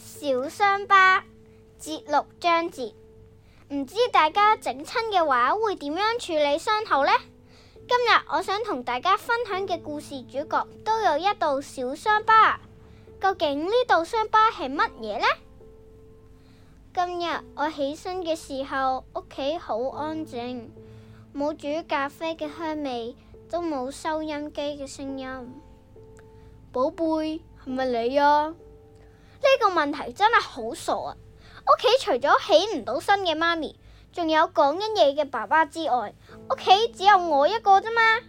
小傷疤節錄章節，唔知大家整親嘅話會點樣處理傷口呢？今日我想同大家分享嘅故事主角都有一道小傷疤，究竟呢道傷疤係乜嘢呢？今日我起身嘅時候，屋企好安靜，冇煮咖啡嘅香味，都冇收音機嘅聲音。寶貝，係咪你呀，啊？呢個問題真係好傻啊！屋企除咗起唔到身嘅媽咪，仲有講緊嘢嘅爸爸之外，屋企只有我一個啫嘛。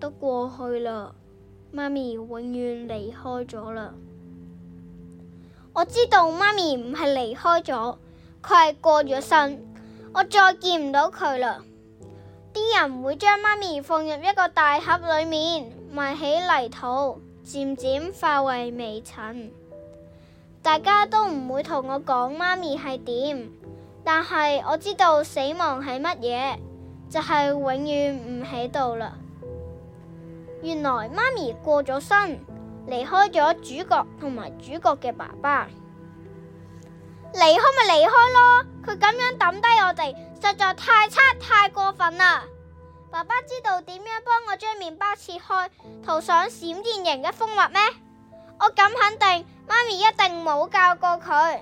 都過去啦，媽咪永遠離開咗啦。我知道媽咪唔係離開咗，佢係過咗身，我再見唔到佢啦。啲人會將媽咪放入一個大盒裏面，埋起泥土，漸漸化為微塵。大家都唔會同我講媽咪係點，但係我知道死亡係乜嘢，就係永遠唔喺度啦。原來媽咪過咗身，離開咗主角同埋主角嘅爸爸，離開咪離開咯。佢咁樣抌低我哋，實在太差太過分啦！爸爸知道點樣幫我將麵包切開，塗上閃電型嘅蜂蜜咩？我敢肯定，媽咪一定冇教過佢，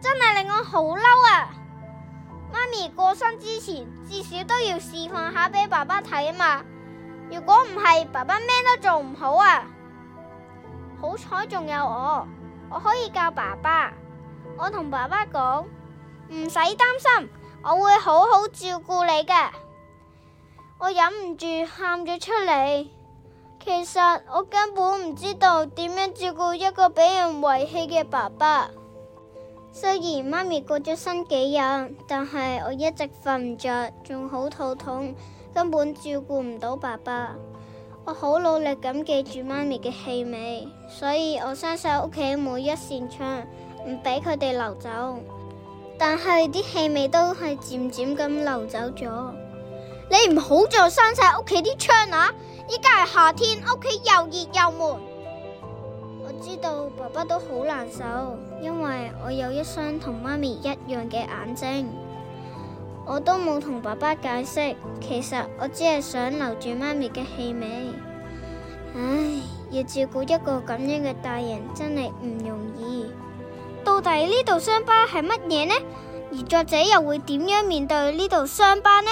真係令我好嬲啊！媽咪過身之前，至少都要示範下俾爸爸睇啊嘛！如果唔係，爸爸咩都做唔好啊！好彩仲有我，我可以教爸爸。我同爸爸講，唔使擔心，我會好好照顧你嘅。我忍唔住喊咗出嚟。其實我根本唔知道點樣照顧一個俾人遺棄嘅爸爸。雖然媽咪過咗身幾日，但係我一直瞓唔着，仲好肚痛，根本照顧唔到爸爸。我好努力咁記住媽咪嘅氣味，所以我閂晒屋企每一扇窗，唔俾佢哋流走。但係啲氣味都係漸漸咁流走咗。你唔好再閂晒屋企啲窗啊！依家係夏天，屋企又熱又悶。我知道爸爸都好難受，因為我有一雙同媽咪一樣嘅眼睛。我都冇同爸爸解釋，其實我只係想留住媽咪嘅氣味。唉，要照顧一個咁樣嘅大人真係唔容易。到底呢道傷疤係乜嘢呢？而作者又會點樣面對呢道傷疤呢？